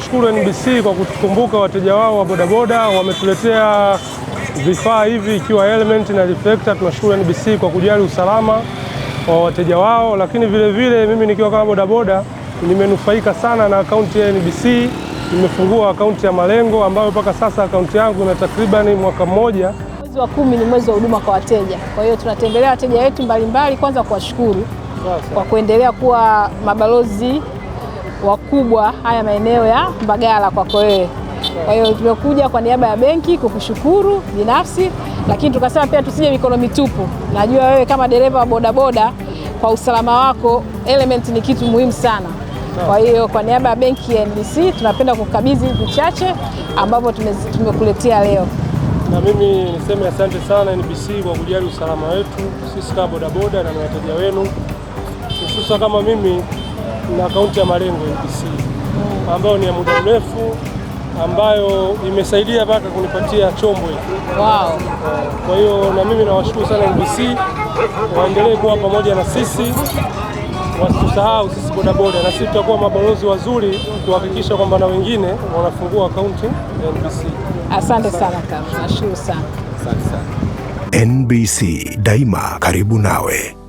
tunashukuru NBC kwa kutukumbuka wateja wao wa bodaboda, wametuletea vifaa hivi ikiwa helmet na reflector. Tunashukuru NBC kwa kujali usalama wa wateja wao, lakini vile vile mimi nikiwa kama bodaboda nimenufaika sana na akaunti ya NBC. Nimefungua akaunti ya Malengo ambayo mpaka sasa akaunti yangu ina takribani mwaka mmoja. Mwezi wa kumi ni mwezi wa huduma kwa wateja, kwa hiyo tunatembelea wateja wetu mbalimbali, kwanza kuwashukuru kwa kuendelea kuwa mabalozi wakubwa haya maeneo ya Mbagala kwako wewe. Kwa hiyo tumekuja kwa niaba ya benki kukushukuru binafsi, lakini tukasema pia tusije mikono mitupu. Najua wewe kama dereva wa bodaboda, kwa usalama wako element ni kitu muhimu sana. Kwa hiyo kwa niaba ya benki ya NBC tunapenda kukabidhi vichache ambavyo tumekuletea leo. Na mimi niseme asante sana NBC kwa kujali usalama wetu sisi kama bodaboda na wateja wenu, hususa kama mimi na kaunti ya Malengo UDC ambayo ni ya muda mrefu ambayo imesaidia mpaka kunipatia chombo hiki. Wow. Kwa hiyo na mimi nawashukuru sana NBC, waendelee kuwa pamoja na sisi, wasitusahau sisi bodaboda, na sisi tutakuwa mabalozi wazuri kuhakikisha kwamba na wengine wanafungua akaunti ya NBC. Asante sana kama, nashukuru sana. Asante sana. NBC daima karibu nawe.